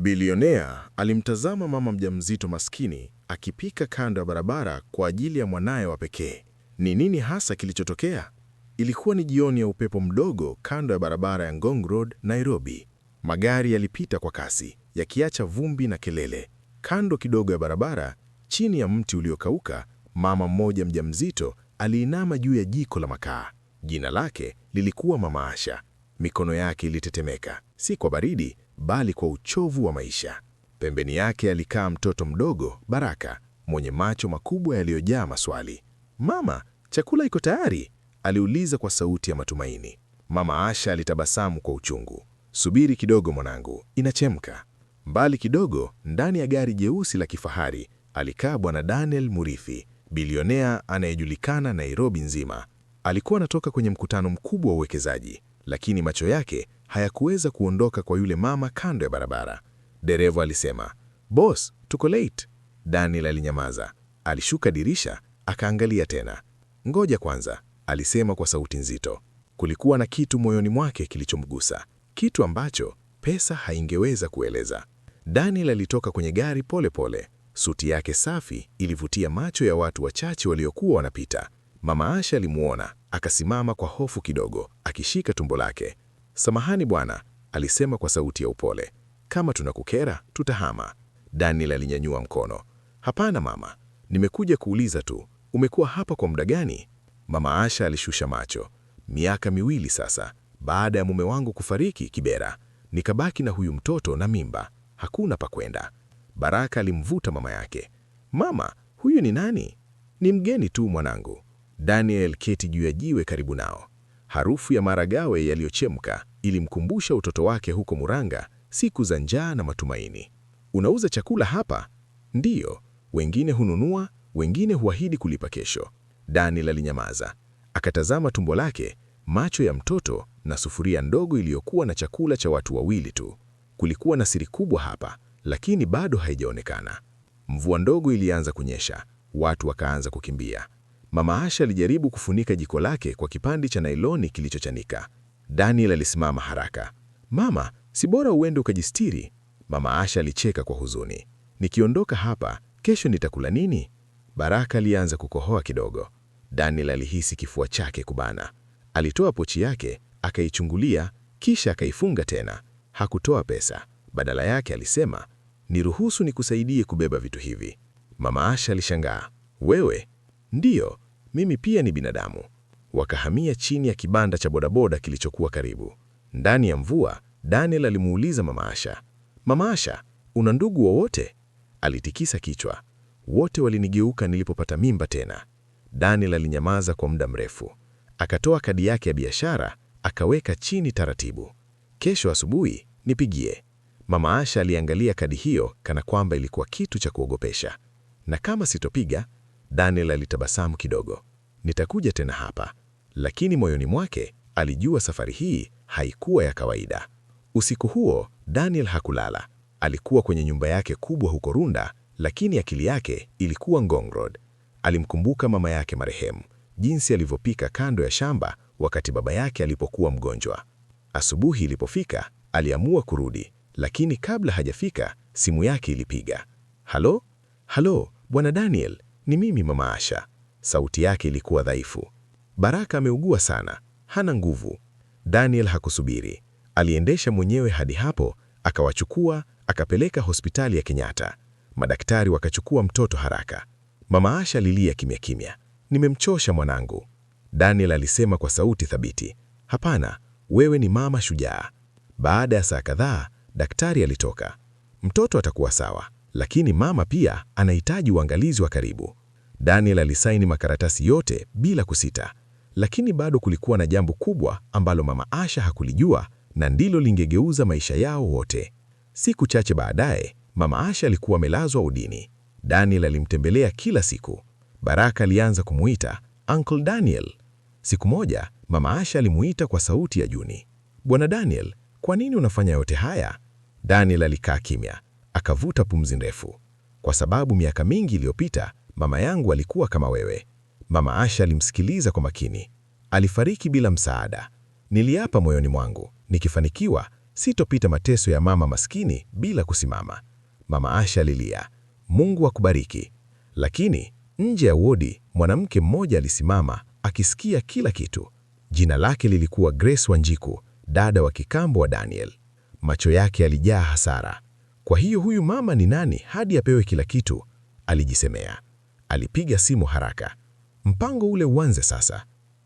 Bilionea alimtazama mama mjamzito maskini akipika kando ya barabara kwa ajili ya mwanaye wa pekee. Ni nini hasa kilichotokea? Ilikuwa ni jioni ya upepo mdogo kando ya barabara ya Ngong Road, Nairobi. Magari yalipita kwa kasi, yakiacha vumbi na kelele. Kando kidogo ya barabara, chini ya mti uliokauka, mama mmoja mjamzito aliinama juu ya jiko la makaa. Jina lake lilikuwa Mama Asha. Mikono yake ilitetemeka, si kwa baridi, bali kwa uchovu wa maisha. Pembeni yake alikaa mtoto mdogo Baraka, mwenye macho makubwa yaliyojaa maswali. Mama, chakula iko tayari? aliuliza kwa sauti ya matumaini. Mama Asha alitabasamu kwa uchungu. Subiri kidogo mwanangu, inachemka. Mbali kidogo, ndani ya gari jeusi la kifahari, alikaa Bwana Daniel Murithi, bilionea anayejulikana Nairobi nzima. Alikuwa anatoka kwenye mkutano mkubwa wa uwekezaji, lakini macho yake hayakuweza kuondoka kwa yule mama kando ya barabara. Dereva alisema, Boss, tuko late. Daniel alinyamaza. Alishuka dirisha, akaangalia tena. Ngoja kwanza, alisema kwa sauti nzito. Kulikuwa na kitu moyoni mwake kilichomgusa, kitu ambacho pesa haingeweza kueleza. Daniel alitoka kwenye gari polepole pole. Suti yake safi ilivutia macho ya watu wachache waliokuwa wanapita. Mama Asha alimuona, akasimama kwa hofu kidogo, akishika tumbo lake. Samahani bwana, alisema kwa sauti ya upole. Kama tunakukera, tutahama. Daniel alinyanyua mkono. Hapana mama, nimekuja kuuliza tu, umekuwa hapa kwa muda gani? Mama Asha alishusha macho. Miaka miwili sasa, baada ya mume wangu kufariki Kibera, nikabaki na huyu mtoto na mimba, hakuna pa kwenda. Baraka alimvuta mama yake. Mama, huyu ni nani? Ni mgeni tu mwanangu. Daniel keti juu ya jiwe karibu nao. Harufu ya maragawe yaliyochemka ilimkumbusha utoto wake huko Murang'a, siku za njaa na matumaini. Unauza chakula hapa? Ndiyo, wengine hununua, wengine huahidi kulipa kesho. Daniel alinyamaza, akatazama tumbo lake, macho ya mtoto na sufuria ndogo iliyokuwa na chakula cha watu wawili tu. Kulikuwa na siri kubwa hapa, lakini bado haijaonekana. Mvua ndogo ilianza kunyesha, watu wakaanza kukimbia. Mama Asha alijaribu kufunika jiko lake kwa kipande cha nailoni kilichochanika. Daniel alisimama haraka. Mama, si bora uende ukajistiri? Mama Asha alicheka kwa huzuni. Nikiondoka hapa, kesho nitakula nini? Baraka alianza kukohoa kidogo. Daniel alihisi kifua chake kubana. Alitoa pochi yake, akaichungulia, kisha akaifunga tena. Hakutoa pesa. Badala yake alisema, niruhusu nikusaidie kubeba vitu hivi. Mama Asha alishangaa. Wewe? Ndiyo, mimi pia ni binadamu wakahamia chini ya kibanda cha bodaboda kilichokuwa karibu. Ndani ya mvua, Daniel alimuuliza Mama Asha, Mama Asha, una ndugu wowote? Alitikisa kichwa. Wote walinigeuka nilipopata mimba tena. Daniel alinyamaza kwa muda mrefu, akatoa kadi yake ya biashara akaweka chini taratibu. Kesho asubuhi nipigie. Mama Asha aliangalia kadi hiyo kana kwamba ilikuwa kitu cha kuogopesha. Na kama sitopiga, Daniel alitabasamu kidogo, nitakuja tena hapa lakini moyoni mwake alijua safari hii haikuwa ya kawaida. Usiku huo Daniel hakulala. Alikuwa kwenye nyumba yake kubwa huko Runda, lakini akili yake ilikuwa Ngong Road. Alimkumbuka mama yake marehemu, jinsi alivyopika kando ya shamba wakati baba yake alipokuwa mgonjwa. Asubuhi ilipofika, aliamua kurudi, lakini kabla hajafika, simu yake ilipiga. Halo, halo, bwana Daniel, ni mimi mama Asha. Sauti yake ilikuwa dhaifu. Baraka ameugua sana, hana nguvu. Daniel hakusubiri, aliendesha mwenyewe hadi hapo, akawachukua akapeleka hospitali ya Kenyatta. Madaktari wakachukua mtoto haraka. Mama Asha lilia kimya kimya, nimemchosha mwanangu. Daniel alisema kwa sauti thabiti, hapana, wewe ni mama shujaa. Baada ya saa kadhaa, daktari alitoka. Mtoto atakuwa sawa, lakini mama pia anahitaji uangalizi wa karibu. Daniel alisaini makaratasi yote bila kusita. Lakini bado kulikuwa na jambo kubwa ambalo Mama Asha hakulijua na ndilo lingegeuza maisha yao wote. Siku chache baadaye, Mama Asha alikuwa amelazwa udini. Daniel alimtembelea kila siku. Baraka alianza kumuita Uncle Daniel. Siku moja, Mama Asha alimuita kwa sauti ya juni, Bwana Daniel, kwa nini unafanya yote haya? Daniel alikaa kimya, akavuta pumzi ndefu. Kwa sababu miaka mingi iliyopita, mama yangu alikuwa kama wewe. Mama Asha alimsikiliza kwa makini. Alifariki bila msaada. Niliapa moyoni mwangu, nikifanikiwa sitopita mateso ya mama maskini bila kusimama. Mama Asha alilia, Mungu akubariki. Lakini nje ya wodi, mwanamke mmoja alisimama akisikia kila kitu. Jina lake lilikuwa Grace Wanjiku, dada wa kikambo wa Daniel. Macho yake alijaa hasara. Kwa hiyo huyu mama ni nani hadi apewe kila kitu? Alijisemea. Alipiga simu haraka. Mpango ule uanze sasa.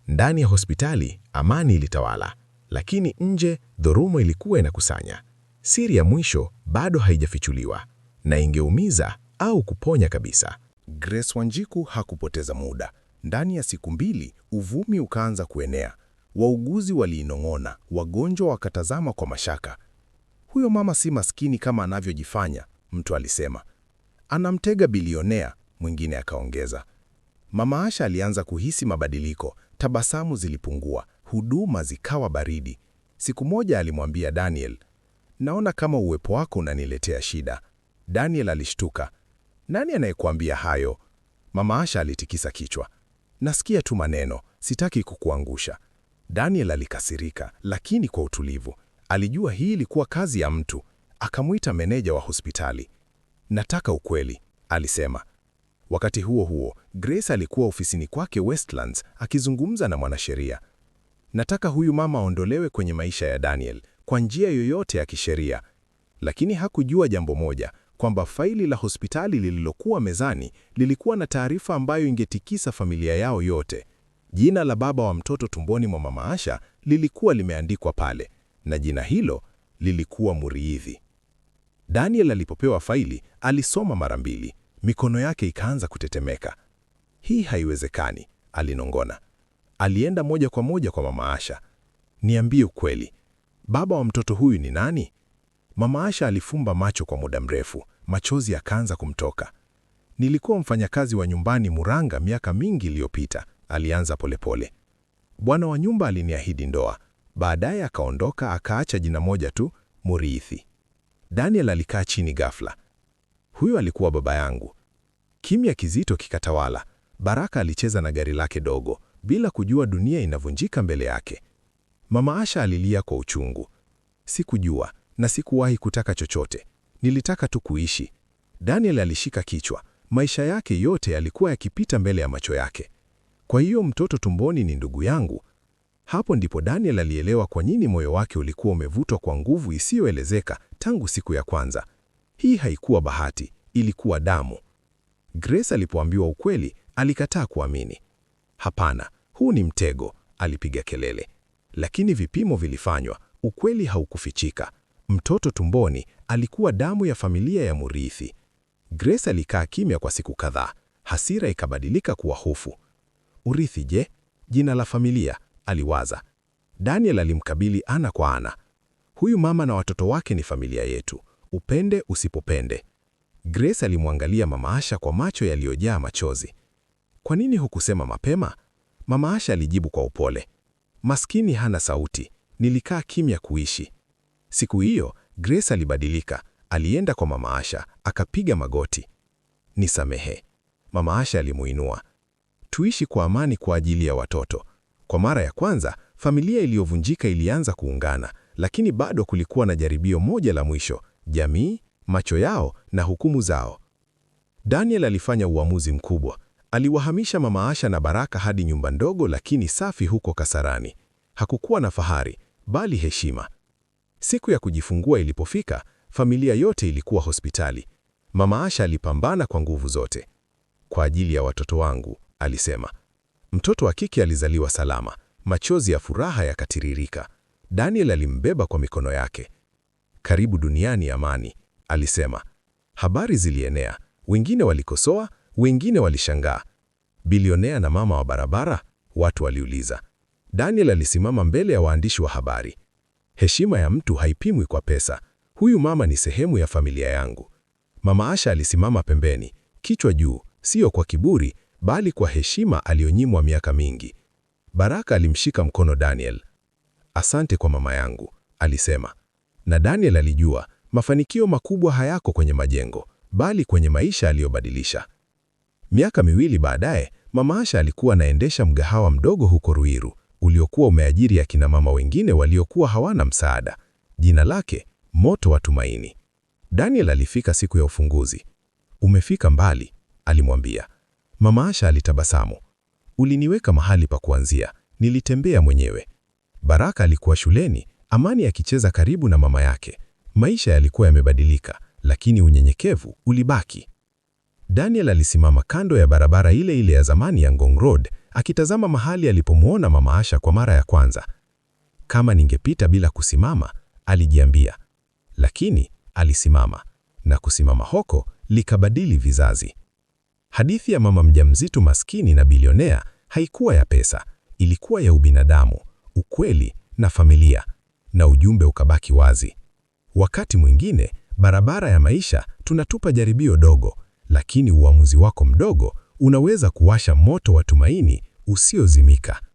Ndani ya hospitali amani ilitawala, lakini nje dhuruma ilikuwa inakusanya. Siri ya mwisho bado haijafichuliwa na ingeumiza au kuponya kabisa. Grace Wanjiku hakupoteza muda. Ndani ya siku mbili uvumi ukaanza kuenea. Wauguzi waliinong'ona, wagonjwa wakatazama kwa mashaka. Huyo mama si maskini kama anavyojifanya, mtu alisema. Anamtega bilionea, mwingine akaongeza. Mama Asha alianza kuhisi mabadiliko, tabasamu zilipungua, huduma zikawa baridi. Siku moja alimwambia Daniel, naona kama uwepo wako unaniletea shida. Daniel alishtuka, nani anayekuambia hayo? Mama Asha alitikisa kichwa, nasikia tu maneno, sitaki kukuangusha. Daniel alikasirika, lakini kwa utulivu. Alijua hii ilikuwa kazi ya mtu. Akamwita meneja wa hospitali. Nataka ukweli, alisema. Wakati huo huo, Grace alikuwa ofisini kwake Westlands akizungumza na mwanasheria. Nataka huyu mama aondolewe kwenye maisha ya Daniel kwa njia yoyote ya kisheria. Lakini hakujua jambo moja, kwamba faili la hospitali lililokuwa mezani lilikuwa na taarifa ambayo ingetikisa familia yao yote. Jina la baba wa mtoto tumboni mwa mama Asha lilikuwa limeandikwa pale, na jina hilo lilikuwa Muriithi. Daniel alipopewa faili alisoma mara mbili, Mikono yake ikaanza kutetemeka. Hii haiwezekani, alinongona. Alienda moja kwa moja kwa mama Asha. Niambie ukweli, baba wa mtoto huyu ni nani? Mama Asha alifumba macho kwa muda mrefu, machozi yakaanza kumtoka. Nilikuwa mfanyakazi wa nyumbani Muranga miaka mingi iliyopita, alianza polepole. Bwana wa nyumba aliniahidi ndoa, baadaye akaondoka, akaacha jina moja tu, Muriithi. Daniel alikaa chini ghafla, huyo alikuwa baba yangu. Kimya kizito kikatawala. Baraka alicheza na gari lake dogo bila kujua dunia inavunjika mbele yake. Mama Asha alilia kwa uchungu. Sikujua na sikuwahi kutaka chochote, nilitaka tu kuishi. Daniel alishika kichwa, maisha yake yote yalikuwa yakipita mbele ya macho yake. Kwa hiyo mtoto tumboni ni ndugu yangu. Hapo ndipo Daniel alielewa kwa nini moyo wake ulikuwa umevutwa kwa nguvu isiyoelezeka tangu siku ya kwanza. Hii haikuwa bahati, ilikuwa damu. Grace alipoambiwa ukweli, alikataa kuamini. Hapana, huu ni mtego, alipiga kelele. Lakini vipimo vilifanywa, ukweli haukufichika. Mtoto tumboni alikuwa damu ya familia ya Murithi. Grace alikaa kimya kwa siku kadhaa, hasira ikabadilika kuwa hofu. Urithi je? Jina la familia, aliwaza. Daniel alimkabili ana kwa ana. Huyu mama na watoto wake ni familia yetu upende usipopende. Grace alimwangalia Mama Asha kwa macho yaliyojaa machozi. Kwa nini hukusema mapema? Mama Asha alijibu kwa upole, maskini hana sauti, nilikaa kimya kuishi. Siku hiyo Grace alibadilika, alienda kwa Mama Asha akapiga magoti. Nisamehe, Mama Asha alimuinua. Tuishi kwa amani kwa ajili ya watoto. Kwa mara ya kwanza familia iliyovunjika ilianza kuungana, lakini bado kulikuwa na jaribio moja la mwisho jamii, macho yao na hukumu zao. Daniel alifanya uamuzi mkubwa. Aliwahamisha Mama Asha na Baraka hadi nyumba ndogo lakini safi huko Kasarani. Hakukuwa na fahari, bali heshima. Siku ya kujifungua ilipofika, familia yote ilikuwa hospitali. Mama Asha alipambana kwa nguvu zote. Kwa ajili ya watoto wangu, alisema. Mtoto wa kike alizaliwa salama, machozi ya furaha yakatiririka. Daniel alimbeba kwa mikono yake karibu duniani amani, alisema. Habari zilienea, wengine walikosoa, wengine walishangaa. Bilionea na mama wa barabara, watu waliuliza. Daniel alisimama mbele ya waandishi wa habari. Heshima ya mtu haipimwi kwa pesa. Huyu mama ni sehemu ya familia yangu. Mama Asha alisimama pembeni, kichwa juu, sio kwa kiburi, bali kwa heshima aliyonyimwa miaka mingi. Baraka alimshika mkono Daniel. Asante kwa mama yangu, alisema. Na Daniel alijua mafanikio makubwa hayako kwenye majengo, bali kwenye maisha aliyobadilisha. Miaka miwili baadaye, Mama Asha alikuwa anaendesha mgahawa mdogo huko Ruiru uliokuwa umeajiri akina mama wengine waliokuwa hawana msaada. Jina lake Moto wa Tumaini. Daniel alifika siku ya ufunguzi. Umefika mbali, alimwambia. Mama Asha alitabasamu. Uliniweka mahali pa kuanzia, nilitembea mwenyewe. Baraka alikuwa shuleni Amani akicheza karibu na mama yake. Maisha yalikuwa yamebadilika, lakini unyenyekevu ulibaki. Daniel alisimama kando ya barabara ile ile ya zamani ya Ngong Road, akitazama mahali alipomwona mama Asha kwa mara ya kwanza. Kama ningepita bila kusimama, alijiambia. Lakini alisimama, na kusimama hoko likabadili vizazi. Hadithi ya mama mjamzito maskini na bilionea haikuwa ya pesa, ilikuwa ya ubinadamu, ukweli na familia na ujumbe ukabaki wazi. Wakati mwingine, barabara ya maisha tunatupa jaribio dogo, lakini uamuzi wako mdogo unaweza kuwasha moto wa tumaini usiozimika.